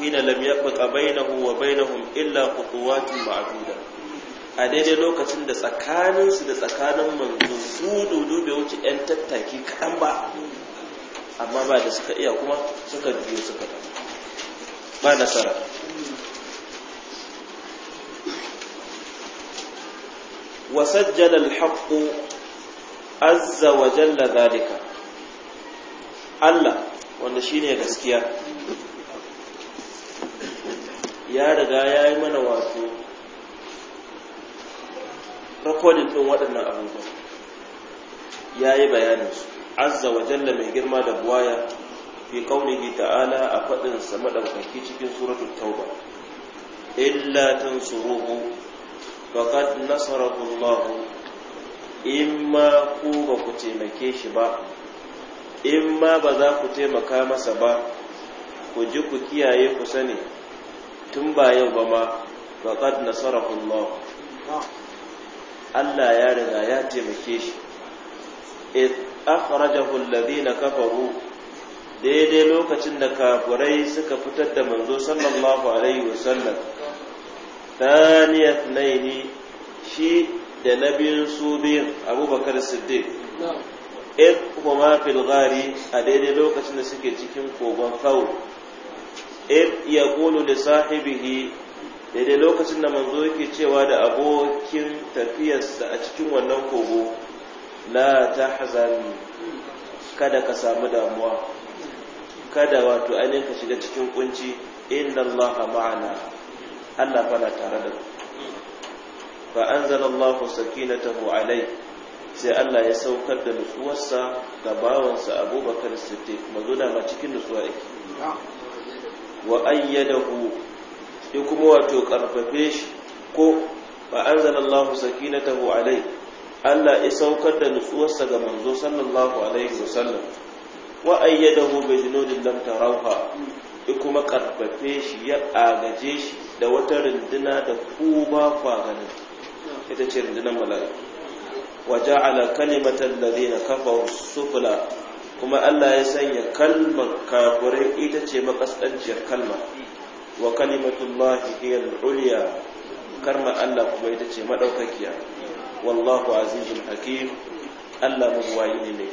hina lam yabqa bainahu wa bainahum illa khutuwatun ma'duda a daidai lokacin da tsakaninsu da tsakanin manzo su dudu bai wuce 'yan tattaki kaɗan ba amma ba da suka iya kuma suka biyo suka ba nasara وسجل azza wa jalla ذلك Allah wanda shine gaskiya ya riga ya yi mana wato rakodin ɗin waɗannan abubuwa ya yi bayaninsu azza wa jalla mai girma da buwaya fi kaunihi ta'ala a faɗinsa maɗaukaki cikin suratul tauba illa tun tansuruhu faqad nasarahu Allah in ma ku ba ku taimake shi ba in ma ba za ku taimaka masa ba ku ji ku kiyaye ku sani tun ba yau ba ma faqad nasarahu Allah Allah ya riga ya taimake shi id akhrajahu alladhina kafaru daidai lokacin da kafurai suka fitar da manzo sallallahu alaihi wasallam thaniyat naini shi da nabiyin su biyun abubakar siddiq in kuma fil ghari a daidai lokacin da suke cikin kogon fawo in ya kulu da sahibihi daidai lokacin da manzo yake cewa da abokin tafiyarsa a cikin wannan kogo la hazami. kada ka samu damuwa kada wato ainihin ka shiga cikin kunci inna allaha ma'ana Allah fana tare da fa anzalallahu sakinatahu alai sai Allah ya saukar da nutsuwarsa ga bawansa Abubakar Siddiq mazo da ma cikin nutsuwa yake wa ayyadahu ya kuma wato karfafe shi ko ba an zana Allah sakinatahu alai Allah ya saukar da nutsuwarsa ga manzo sallallahu alaihi wasallam wa ayyadahu bi junudin lam tarawha ya kuma karfafe shi ya agaje shi da wata rinduna da ku ba kwa ita ce rindunan mala'iku wa ja'ala kalimatan ladina kafaru sufla kuma Allah ya sanya kalmar kafirai ita ce makasdanciyar kalma وكلمة الله هي العليا كرم الله كويتك مدوكك والله عزيز حكيم الله مبوائن لي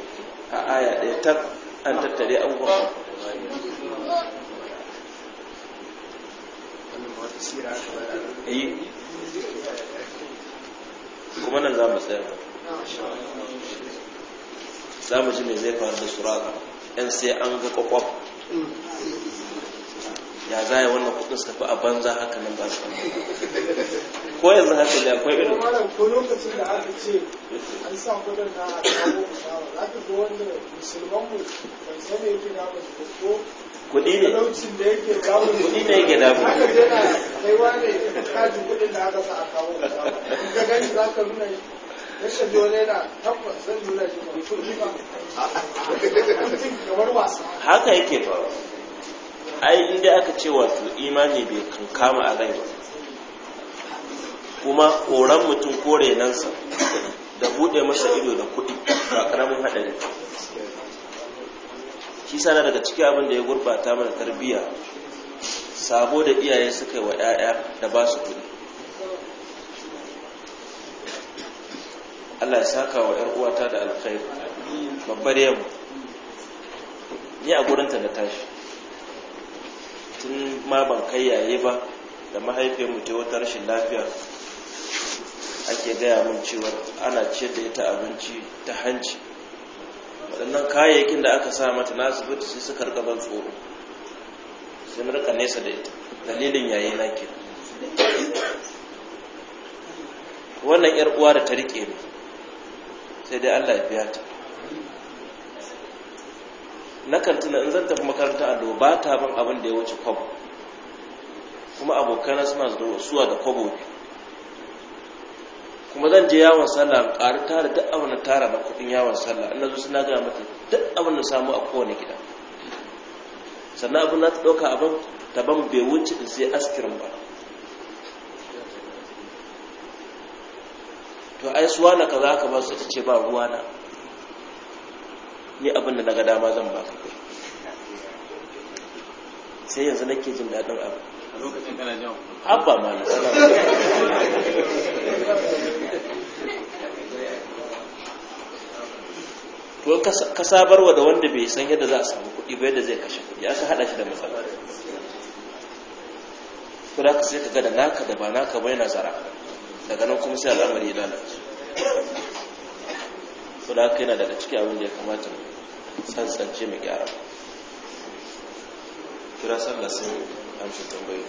آية تب إيه؟ أن تتري أو بخير أي كما نزام مسألة زام جميع زيفان لسراغ أنسي أنك أقوى ya za ya wannan kudin su tafi a banza haka nan ba su ko yanzu haka da akwai irin ko lokacin da aka ce an sa kudin na kawo shawara za ka zo wanda musulman mu bai sani yake da su ko kuɗi ne talaucin da yake damu kuɗi ne yake damu haka yana kaiwa ne kaji kuɗin da aka sa a kawo shawara ka gani za ka nuna rashin dole na tabbas zan nuna shi ba kamar wasa haka yake faruwa ai inda aka ce wato imani bai kankama a rai kuma koran mutum kore nan sa, da buɗe masa ido da kuɗi ba ƙaramin haɗari shi sana daga ciki abin da ya gurbata mana tarbiyya sabo da iyaye suka yi wa 'ya'ya da ba su kuɗi Allah ya saka wa ‘yar uwata da alkhairu babbar yamma ni a gurinta da tashi tun ma ban kai yaye ba da mahaifiyar mu ta wata rashin lafiya ake gaya mun cewa ana ciyar da ita abinci ta hanci waɗannan kayayyakin da aka sa mata na asibiti su suka rika ban tsoro sai na rika nesa da ita dalilin yayi na ke wannan yar uwa da ta rike ni sai dai Allah ya biya ta na kantina in zan tafi makaranta a ba ta bin abin da ya wuce kwabo kuma abokana suna zuwa da kwabo kuma zan je yawon sallah ƙari tare duk abin da tara ba kuɗin yawon sallah ina na suna gaya mata duk abin da samu a kowane gida sannan abin na ta ɗauka abin taban bai wuce in sai askirin ba to ai suwa na kaza ka ba su ta ce ba ruwa na ni abin da na ga dama zan ba ka sai yanzu nake jin daɗin abu abba ma na to ka sabarwa da wanda bai san yadda za a samu kuɗi ba yadda zai kashe kuɗi ya sa haɗa shi da matsala ko da sai ka ga da naka da ba naka ba yana zara daga nan kuma sai al'amari ya lalace ko da yana daga ciki abin da ya kamata mu tsantsance mu gyara kira sallah sun amshi tambayi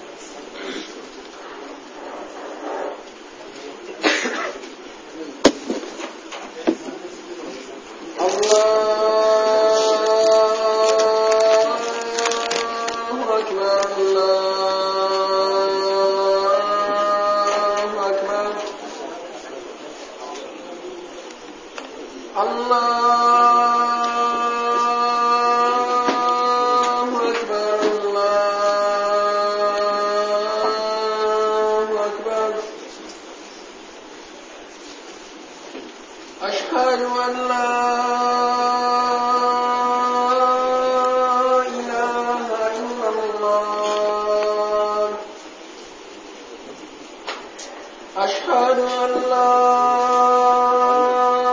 اشهد ان لا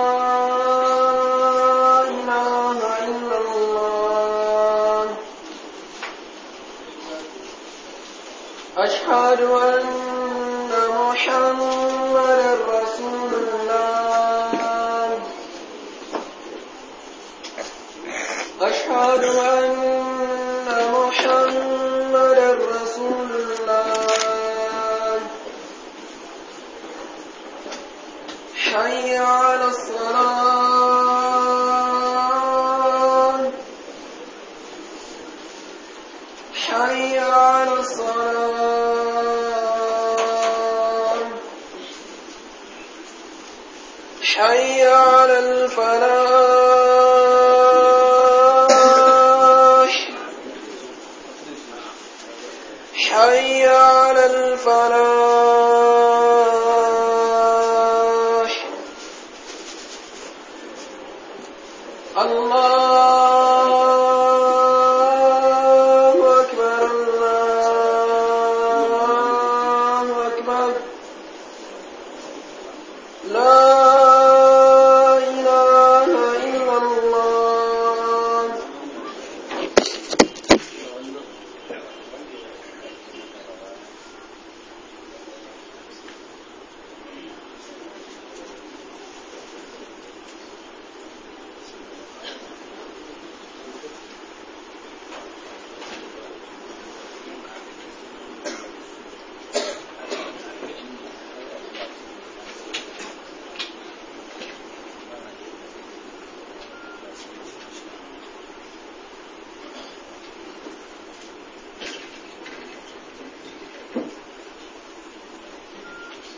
الفلاح حي على الفلاح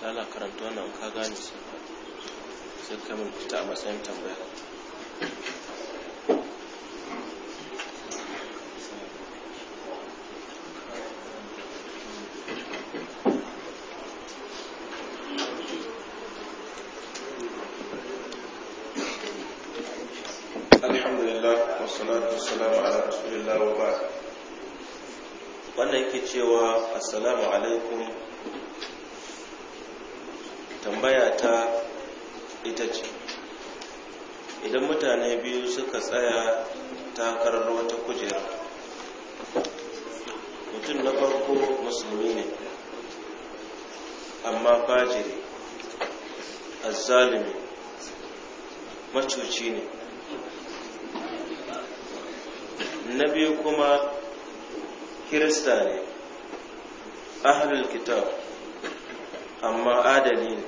ta karanta wannan ka gane sai sai ka mun fita a matsayin tambaya wannan yake cewa assalamu alaikum mutane biyu suka tsaya takarar wata kujera mutum na farko musulmi ne amma fajiri azzalimi macuci ne na biyu kuma kirista ne ahlul kitab amma adali ne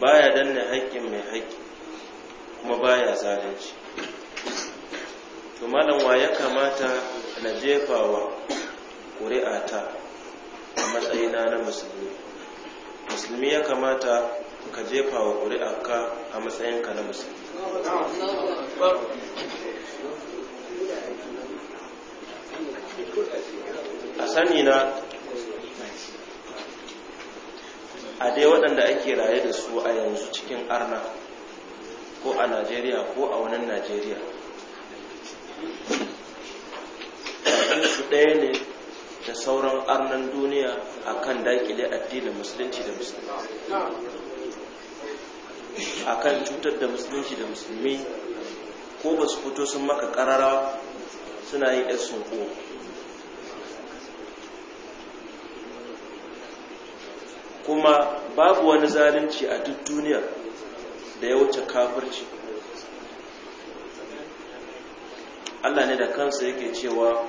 baya danne haƙƙin mai haƙƙi kuma baya zalunci to malam wa ya kamata na jefawa ta a matsayina na musulmi musulmi ya kamata ka jefa wa ka a matsayinka na musulmi a sani na a dai waɗanda ake raye da su a yanzu cikin arna ko a najeriya ko a wannan najeriya su ɗaya ne da sauran arnan duniya a kan daƙile addinin musulunci da musulmi a kan cutar da musulunci da musulmi ko ba su fito sun maka ƙarara suna yin yan sunko kuma babu wani zalunci a duk duniya. da ya wuce kafirci Allah ne da kansa yake cewa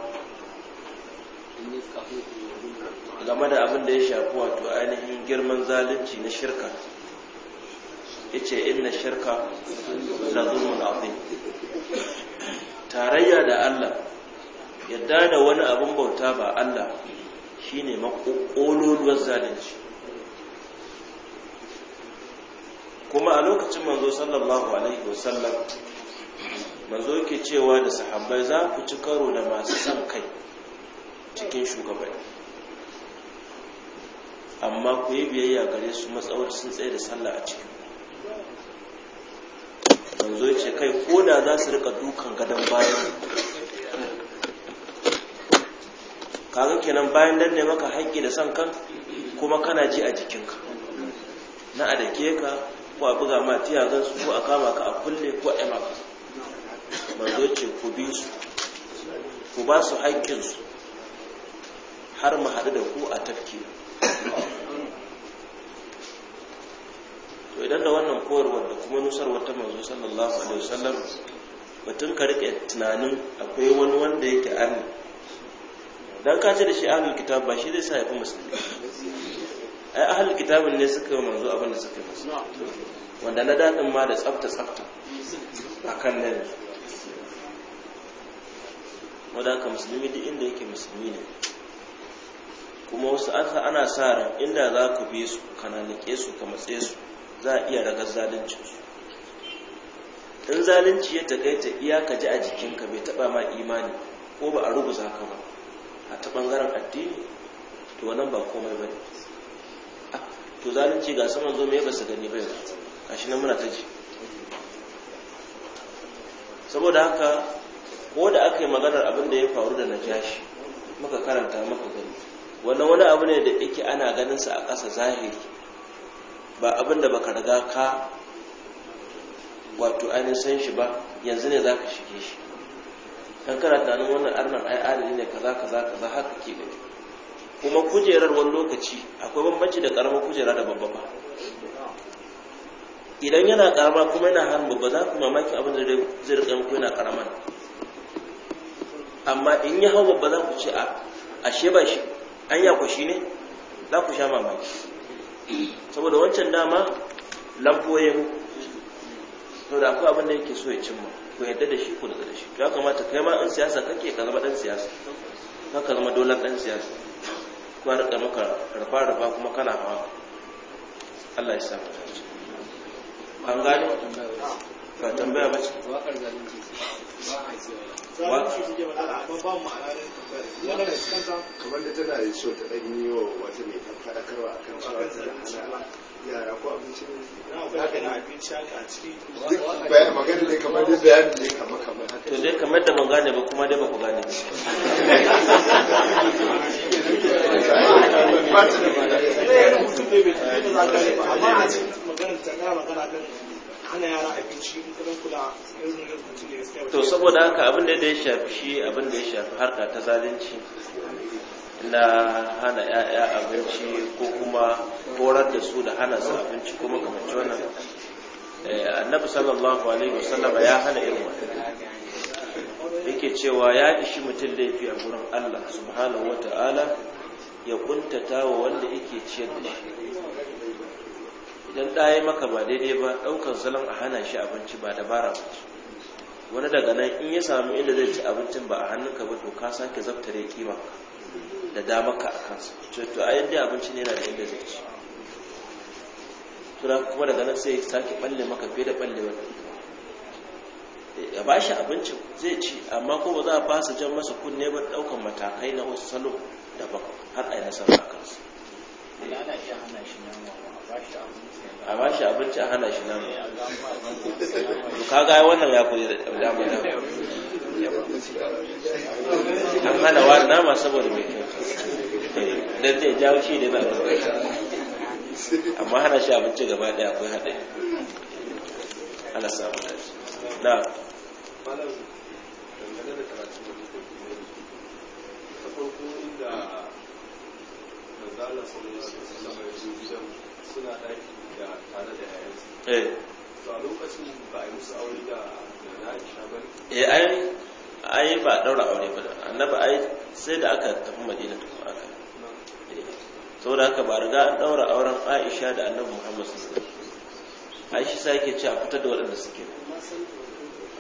game da abin da ya shafi wato ainihin girman zalunci na shirka ya ce inna shirka la zulmun abin tarayya da Allah yadda da wani abin bauta ba Allah shine makololuwar zalunci kuma a lokacin manzo sallallahu alaihi wasallam manzo yake cewa da sahabbai za ku ci karo da masu san kai cikin shugabai amma ku yi biyayya gare su matsawar sun tsaye da sallah a cikin manzo ya ce kai ko da za su rika dukan gadon bayan kaga kenan bayan dan ne maka haƙƙi da san kan kuma kana ji a jikinka na adake ka ko a buga ma tiya gan su ko a kama ka a kulle ko a maka manzo ce ku bi su ku ba su haƙƙin su har mu haɗu da ku a tafki to idan da wannan koyarwar da kuma nusarwar ta manzo sallallahu alaihi wasallam mutum ka rike tunanin akwai wani wanda yake arni dan ka ce da shi ahlul kitab ba shi zai sa ya fi musulmi ai ahal kitabin ne suka yi manzo abin da suka yi masu wanda na daɗin ma da tsafta tsafta a kan nan wadda ka musulmi duk inda yake musulmi ne kuma wasu aka ana sa ran inda za ku bi su kananike su ka matse su za a iya ragar zalunci su in zalunci ya takaita iya ka ji a jikinka bai taɓa ma imani ko ba a rubuta ka ba a ta ɓangaren addini to nan ba komai ba ne to zalunci ga saman zo me ba gani ba yanzu shi nan muna ta ji saboda haka ko da aka yi maganar abinda ya faru da najashi muka karanta muka gani wanda wani abu ne da yake ana ganin sa a ƙasa zahiri ba abin baka riga ka wato ainihin san shi ba yanzu ne za ka shige shi kan karanta tunanin wannan arnan ai adali ne kaza kaza kaza haka ke gani kuma kujerar wani lokaci akwai bambanci da karamar kujera da babba ba idan yana karama kuma yana hannu ba za ku mamaki abin da zai rika muku yana karama amma in ya hau babba za ku ce a ashe ba shi an ya shi ne za ku sha mamaki saboda wancan dama lamfoye mu saboda akwai abin da yake so ya cimma ku yadda da shi ku da shi ya kamata kai ma in siyasa kake ka zama dan siyasa ka zama dolar dan siyasa ka rika maka rufa kuma kana hawa Allah ya samu an gani ba tambaya ba ce ba ba kamar da tana so ta ɗan yi wa wata mai a kan hana yara ko abinci na abinci haka a ciki bayan magana ne kamar da bayan ne kamar kamar haka to dai kamar da ban gane ba kuma dai ba ku gane ba to saboda haka abin da ya shafi shi abin da ya shafi harka ta zalunci na hana 'ya'ya abinci ko kuma horar da su da hana su abinci kuma kamar wannan eh, annabi sallallahu alaihi wasallama ya hana irin wannan yake cewa ya ishi mutum laifi a gurin Allah subhanahu wata'ala ya ta wa wanda yake ciyar da shi idan ɗaya maka ba daidai ba ɗaukar salon a hana shi abinci ba dabara ba wani daga nan in ya samu inda zai ci abincin ba a hannunka ba to ka sake zaftare kima da ka a kansa to a yadda abinci ne yana da inda zai ci tura kuma daga nan sai sake balle maka fiye da balle wani ya ba shi abinci zai ci amma ko ba za a fasa jan masa kunne ba daukan matakai na wasu salo da ba har a yi nasara a kansu a ba shi abinci a hana shi nan ka ga wannan ya kuri da dama da an hana wa nama saboda mai kyau eh, don zai jawo shi ne na amma hana shi abinci gaba daya akwai haɗari ana da shi na malam dangane da karatun da muka yi ne ta farko inda manzala sallallahu alaihi wasallam ya zo gidan suna daki da tare da yayansu eh. to a lokacin ba a yi musu aure da na Aisha ba eh ai ai ba daura aure ba annabi ai sai da aka tafi Madina tukun aka da haka ba riga an daura auren Aisha da Annabi Muhammad sallallahu alaihi wasallam Aisha sai ke ci a fitar da waɗanda suke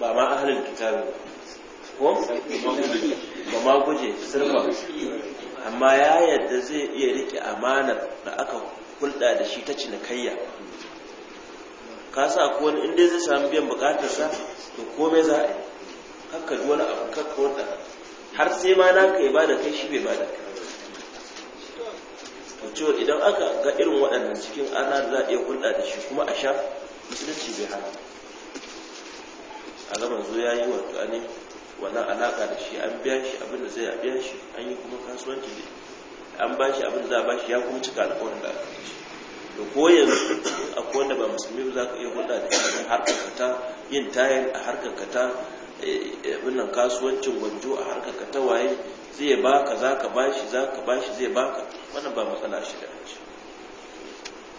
ba ma ahalin kitabi ko ba ma guje sirfa amma ya yadda zai iya rike amanar da aka hulɗa da shi ta cinikayya ka sa ko wani inda zai samu biyan bukatarsa to komai za a yi kakka wani abu kakka wanda har sai ma na ka yi ba da kai shi bai ba da kai to idan aka ga irin waɗannan cikin ana za a iya hulɗa da shi kuma a sha musulunci bai hana a gaban zo ya yi wato ne wannan alaka da shi an biya shi abin da zai a biya shi an yi kuma kasuwanci ne an ba shi abin da za a ba shi ya kuma cika alƙawarin da aka yi shi da ko yanzu akwai wanda ba musulmi ba za ka iya hulɗa da shi harkar kata yin tayin a harkar kata eh, eh, nan kasuwancin gwanjo a harkar kata waye zai ba ka za ka ba shi za ka ba shi zai ba ka wannan ba matsala shi da shi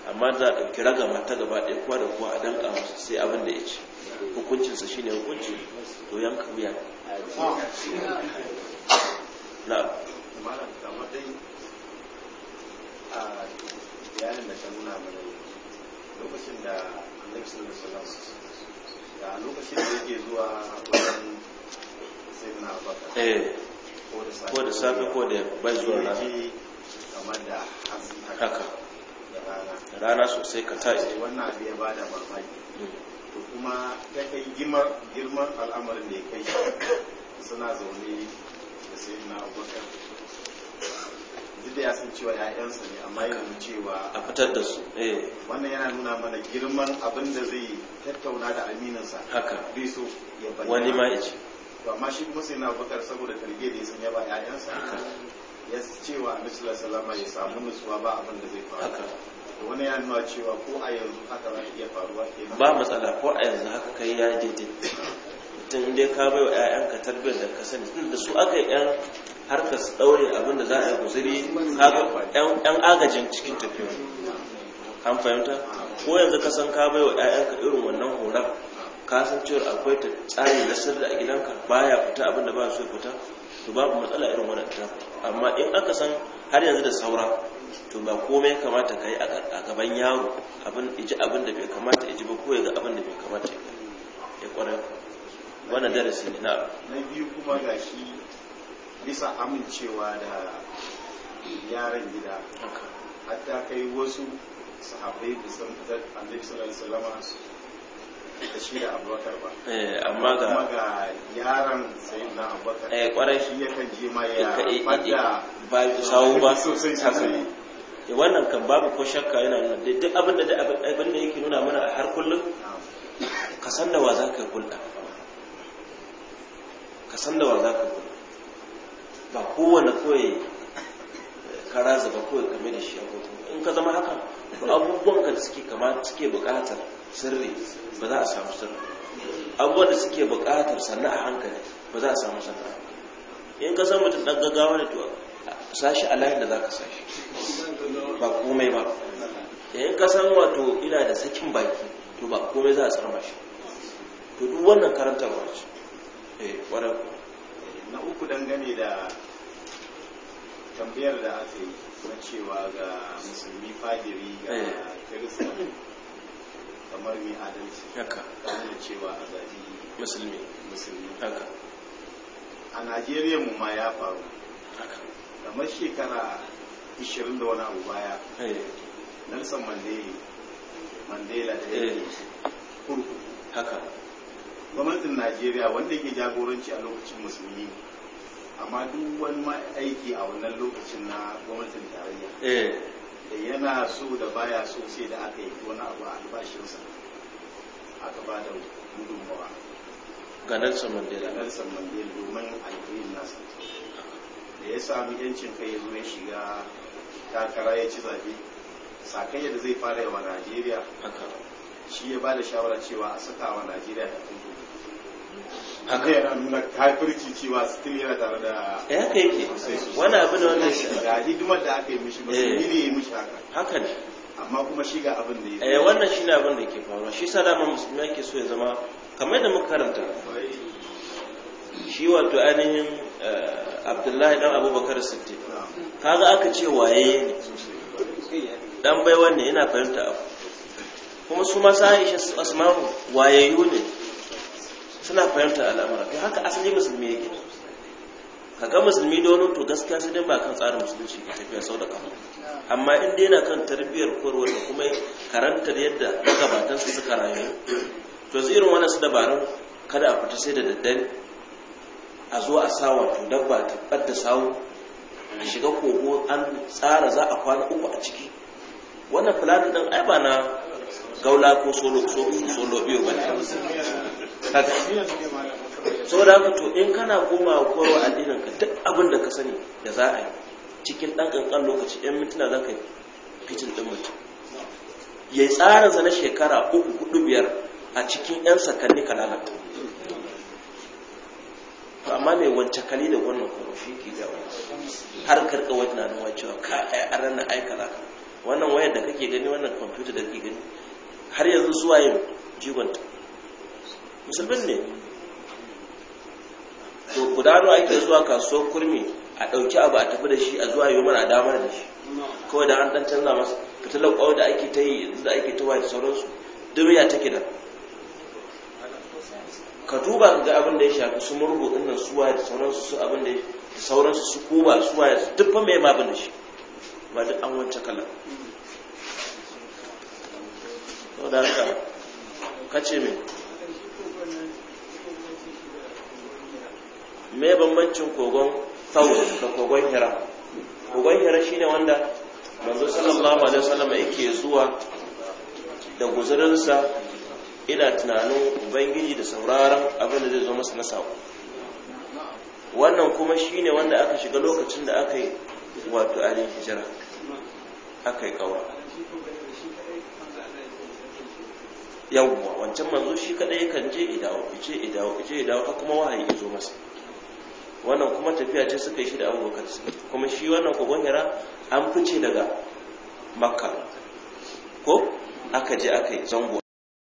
amma za a ɗauki ragama ta gaba ɗaya kowa da kowa a danƙa masa sai abin da ya ce hukuncinsa shi ne hukunci to yanka wuya na bayanin da ta nuna mana lokacin da annabi sallallahu alaihi da lokacin da yake zuwa wajen sayyidina abubakar eh ko da ya ko da bai zuwa rana kamar da haka da rana rana sosai ka tashi wannan abu ya bada mamaki hmm. to kuma ta kai girman al'amarin da ya kai suna zaune da sai na abubakar duk ya san cewa ‘ya'yansa ne amma nuna cewa a fitar da su eh. wannan yana nuna mana girman abin da zai tattauna da aminansa haka bai so ya bayyana wani ma ya ce to amma shi kuma sai na bakar saboda targe da ya san ya ba ‘ya'yansa ya cewa annabi sallallahu alaihi wasallam ya samu nutsuwa ba abin da zai faru wani ya nuna cewa ko a yanzu haka za iya faruwa ke ba matsala ko a yanzu haka kai ya daidai mutum inda ka bai wa 'ya'yanka tarbiyyar da ka sani da su aka yi 'yan harkar su ɗaure abin da za a yi guzuri 'yan agajin cikin tafiya an fahimta ko yanzu ka san ka bai wa 'ya'yanka irin wannan horar ka san cewa akwai ta tsari na sirri a gidanka baya fita abin da ba su fita to babu matsala irin wannan amma in aka san har yanzu da saura to ba komai kamata ka yi a gaban yaro abin iji abin da bai kamata iji ba ko ya ga abin da bai kamata ya ya kwarar wannan darasi ne na na biyu kuma ga shi bisa amincewa da yaran gida hatta kai wasu sahabai bisan annabi sallallahu alaihi wasallam Eh, amma ga sayin eh, je ma eh, fadda ba sawu ba wannan kan babu ko shakka yana nuna duk abin da abin da yake nuna mana a har kullum ka san da wa za ka hulɗa ka san da wa za ka hulɗa ba kowane kawai ka ba kawai game da shi abokin in ka zama haka abubuwan ka suke kama suke bukatar sirri ba za a samu sirri abubuwan da suke buƙatar sannu a hankali ba za a samu sannan in ka san mutum ɗan gaggawa ne to sashi a layin da za ka sashi ba komai ba in ka san wato ina da sakin baki to ba komai za a tsarma shi to duk wannan karantarwa ce eh wadda na uku dangane da tambayar da aka yi na cewa ga musulmi fadiri ga eh. kirista kamar mai adalci haka da cewa a zaji musulmi musulmi haka a najeriya mu ma ya faru haka kamar shekara 20 da wani abu baya eh. nelson mandela mandela da ya eh. kurkuku haka gwamnatin najeriya wanda ke jagoranci a lokacin musulmi amma duk wani aiki a wannan lokacin na gwamnatin tarayya eh. da yana so da baya so sai da aka yi wani abu a albashinsa aka ba da gudunmawa ga Nelson Mandela Nelson Mandela domin alkhairin nasa da ya sami yancin kai ya zo ya shiga takara ya ci zabe sakayya da zai fara yawa Najeriya shi ya ba da shawara cewa a saka wa Najeriya da tuntun haka yana nuna kafirci cewa still yana tare da eh haka yake wani abu ne wanda shi ga hidimar da aka yi mishi ba sai eh. ne yi mishi haka haka ne amma kuma shi ga abin da yake eh wannan shi ne abin da ke faruwa shi sa dama musulmi yake so ya zama kamar da muka karanta shi wato ainihin eh, abdullahi dan abubakar siddiq kaga aka ce waye ne dan bai ne yana fahimta abu kuma su ma sa aisha asma'u wayayyu ne suna fahimtar al'amura to haka asali musulmi yake ka ga musulmi da wani to gaskiya sai dai ba kan tsarin musulunci ke tafiya sau da kama. amma in dai yana kan tarbiyyar korowar da kuma karantar yadda magabatan su suka rayu to zai irin wannan su dabarun kada a fita sai da daddare a zo a sa to dabba ta da sawu a shiga kogo an tsara za a kwana uku a ciki wannan fulani din ai ba na gaula ko solo solo biyu ba ne kaga da haka to in kana komawa koyarwa addinin ka duk abin da ka sani da za a yi cikin ɗan ƙanƙan lokaci yan mintuna za ka fitin ɗin mutum ya yi tsarinsa na shekara uku hudu biyar a cikin 'yan sakanni lalata to amma mai wancan kali da wannan kuma shi ke ga har karka wajen nan cewa ka a an na aika wannan wayar da kake gani wannan kwamfuta da kake gani har yanzu zuwa yin jigonta musulmin ne to gudano ake zuwa kasuwar kurmi a ɗauki abu a tafi da shi a zuwa yi mana damar da shi kawai da an ɗan canza masa fitilar ƙwai da ake ta yi da ake ta da sauransu duk ya take da ka duba ga abin da ya shafi su murgu dinnan suwa da sauransu su abin da ya sauransu su kuba suwa da duk fa mai mabin da shi ba duk an wancan kala da haka mai Mai bambancin kogon Tau da kogon hira kogon hira ne wanda manzo sallallahu alaihi wasallam yake zuwa da guzurinsa ina tunanin ubangiji da sauraron abin da zai zo masa na sako wannan kuma shi ne wanda aka shiga lokacin da aka yi wato ainihin hijira aka yi kawai yawwa wancan manzo shi kadai yakan je idawo ice idawo ice idawo ka kuma wahayi ya zo masa wannan kuma tafiya ce suka yi shi da abubakar kuma shi wannan kogon hira an fice daga makka ko aka je aka yi zango